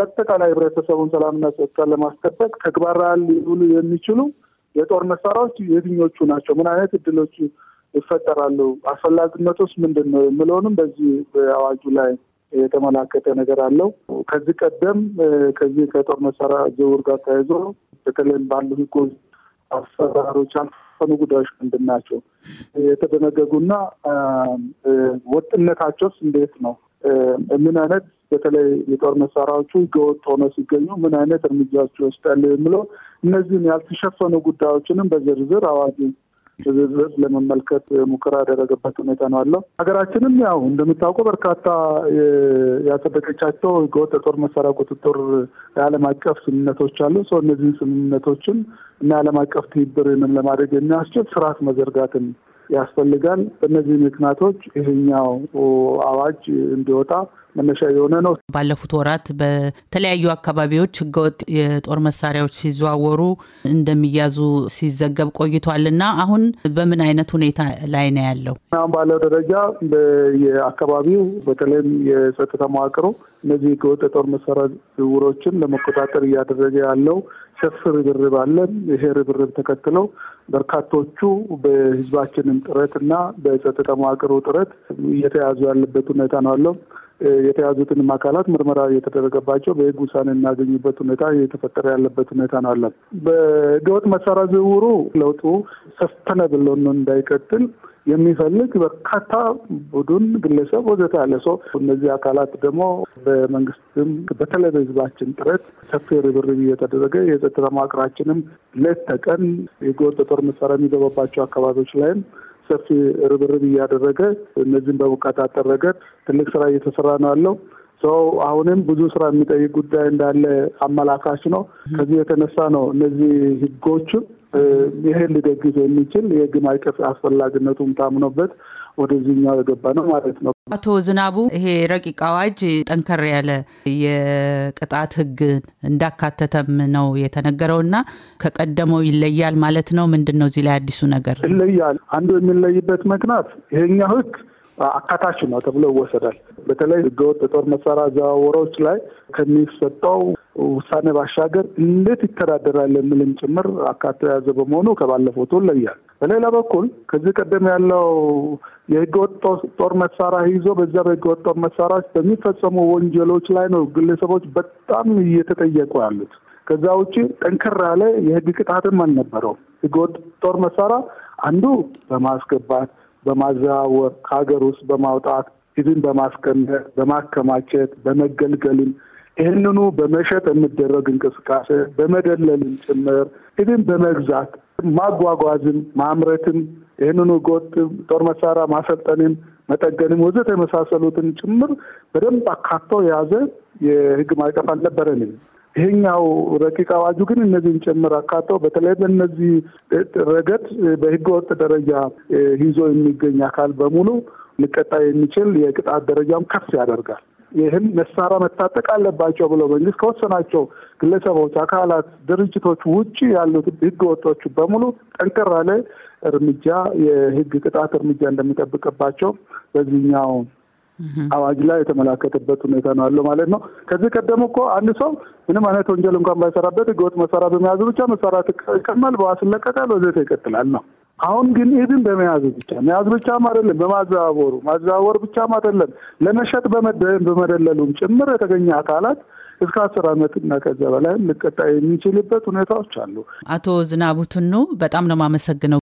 በአጠቃላይ ህብረተሰቡን ሰላምና ጸጥታ ለማስጠበቅ ተግባራ ሊውሉ የሚችሉ የጦር መሳሪያዎች የትኞቹ ናቸው? ምን አይነት እድሎች ይፈጠራሉ? አስፈላጊነቱስ ምንድን ነው? የምለውንም በዚህ በአዋጁ ላይ የተመላከተ ነገር አለው። ከዚህ ቀደም ከዚህ ከጦር መሳሪያ ዝውውር ጋር ተያይዞ በተለይም ባሉ ህጎች አሰራሮች አልፈኑ ጉዳዮች ምንድን ናቸው የተደነገጉና ወጥነታቸውስ እንዴት ነው ምን አይነት በተለይ የጦር መሳሪያዎቹ ህገወጥ ሆነው ሲገኙ ምን አይነት እርምጃዎች ይወስዳሉ የሚለው እነዚህን ያልተሸፈኑ ጉዳዮችንም በዝርዝር አዋጅ ዝርዝር ለመመልከት ሙከራ ያደረገበት ሁኔታ ነው አለው። ሀገራችንም ያው እንደምታውቀ በርካታ ያጸደቀቻቸው ህገወጥ የጦር መሳሪያ ቁጥጥር የዓለም አቀፍ ስምምነቶች አሉ። ሰው እነዚህን ስምምነቶችን እና የዓለም አቀፍ ትብብርንም ለማድረግ የሚያስችል ስርዓት መዘርጋትን ያስፈልጋል። በእነዚህ ምክንያቶች ይህኛው አዋጅ እንዲወጣ መነሻ የሆነ ነው። ባለፉት ወራት በተለያዩ አካባቢዎች ህገወጥ የጦር መሳሪያዎች ሲዘዋወሩ እንደሚያዙ ሲዘገብ ቆይቷል እና አሁን በምን አይነት ሁኔታ ላይ ነው ያለው? አሁን ባለው ደረጃ የአካባቢው በተለይም የጸጥታ መዋቅሩ እነዚህ ህገወጥ የጦር መሳሪያ ዝውውሮችን ለመቆጣጠር እያደረገ ያለው ሰፊ ርብርብ አለን። ይሄ ርብርብ ተከትለው በርካቶቹ በህዝባችንም ጥረት እና በጸጥታ መዋቅሩ ጥረት እየተያዙ ያለበት ሁኔታ ነው አለው። የተያዙትንም አካላት ምርመራ የተደረገባቸው በህግ ውሳኔ የሚያገኙበት ሁኔታ እየተፈጠረ ያለበት ሁኔታ ነው አለን። በህገወጥ መሳሪያ ዝውውሩ ለውጡ ሰስተነብል ሆኖ እንዳይቀጥል የሚፈልግ በርካታ ቡድን፣ ግለሰብ ወዘተ ያለ ሰው እነዚህ አካላት ደግሞ በመንግስትም በተለይ በህዝባችን ጥረት ሰፊ ርብርብ እየተደረገ የጸጥታ መዋቅራችንም ሌት ተቀን የህገወጥ ጦር መሳሪያ የሚገባባቸው አካባቢዎች ላይም ሰፊ ርብርብ እያደረገ እነዚህም በመቆጣጠር ረገድ ትልቅ ስራ እየተሰራ ነው ያለው። ሰው አሁንም ብዙ ስራ የሚጠይቅ ጉዳይ እንዳለ አመላካች ነው። ከዚህ የተነሳ ነው እነዚህ ህጎችም ይህን ሊደግፍ የሚችል የህግ ማዕቀፍ አስፈላጊነቱም ታምኖበት ወደዚህኛው የገባ ነው ማለት ነው። አቶ ዝናቡ ይሄ ረቂቅ አዋጅ ጠንከር ያለ የቅጣት ህግ እንዳካተተም ነው የተነገረው እና ከቀደመው ይለያል ማለት ነው። ምንድን ነው እዚህ ላይ አዲሱ ነገር? ይለያል። አንዱ የሚለይበት ምክንያት ይሄኛው ህግ አካታች ነው ተብሎ ይወሰዳል። በተለይ ህገወጥ የጦር መሳሪያ አዘዋወሮች ላይ ከሚሰጠው ውሳኔ ባሻገር እንዴት ይተዳደራል የሚልም ጭምር አካቶ የያዘ በመሆኑ ከባለፈው ይለያል። በሌላ በኩል ከዚህ ቀደም ያለው የህገወጥ ጦር መሳሪያ ይዞ በዛ በህገወጥ ጦር መሳሪያ በሚፈጸሙ ወንጀሎች ላይ ነው ግለሰቦች በጣም እየተጠየቁ ያሉት። ከዛ ውጭ ጠንከር ያለ የህግ ቅጣትም አልነበረውም። ህገወጥ ጦር መሳሪያ አንዱ በማስገባት በማዘዋወር ከሀገር ውስጥ በማውጣት ይህን በማስቀመጥ በማከማቸት በመገልገልም ይህንኑ በመሸጥ የሚደረግ እንቅስቃሴ በመደለልም ጭምር ይህን በመግዛት ማጓጓዝም፣ ማምረትም ይህንኑ ህገወጥ ጦር መሳሪያ ማሰልጠንም፣ መጠገንም ወዘተ የመሳሰሉትን ጭምር በደንብ አካቶ የያዘ የህግ ማዕቀፍ አልነበረንም። ይሄኛው ረቂቅ አዋጁ ግን እነዚህን ጭምር አካቶ በተለይ በእነዚህ ረገድ በህገ ወጥ ደረጃ ይዞ የሚገኝ አካል በሙሉ ሊቀጣ የሚችል የቅጣት ደረጃም ከፍ ያደርጋል። ይህን መሳሪያ መታጠቅ አለባቸው ብለው መንግስት ከወሰናቸው ግለሰቦች፣ አካላት፣ ድርጅቶች ውጭ ያሉት ህገ ወጦቹ በሙሉ ጠንከር ያለ እርምጃ የህግ ቅጣት እርምጃ እንደሚጠብቅባቸው በዚህኛው አዋጅ ላይ የተመላከተበት ሁኔታ ነው ያለው ማለት ነው። ከዚህ ቀደም እኮ አንድ ሰው ምንም አይነት ወንጀል እንኳን ባይሰራበት ህገወጥ መሳሪያ በመያዙ ብቻ መሳሪያ ይቀማል፣ በዋስ ይለቀቃል፣ ወዘተ ይቀጥላል ነው አሁን ግን ይህን በመያዝ ብቻ መያዝ ብቻም አይደለም፣ በማዘዋወሩ ማዘዋወር ብቻም አይደለም፣ ለመሸጥ በመደለሉም ጭምር የተገኘ አካላት እስከ አስር እና ከዚያ በላይ ልቀጣ የሚችልበት ሁኔታዎች አሉ። አቶ ዝናቡትኑ በጣም ነው የማመሰግነው።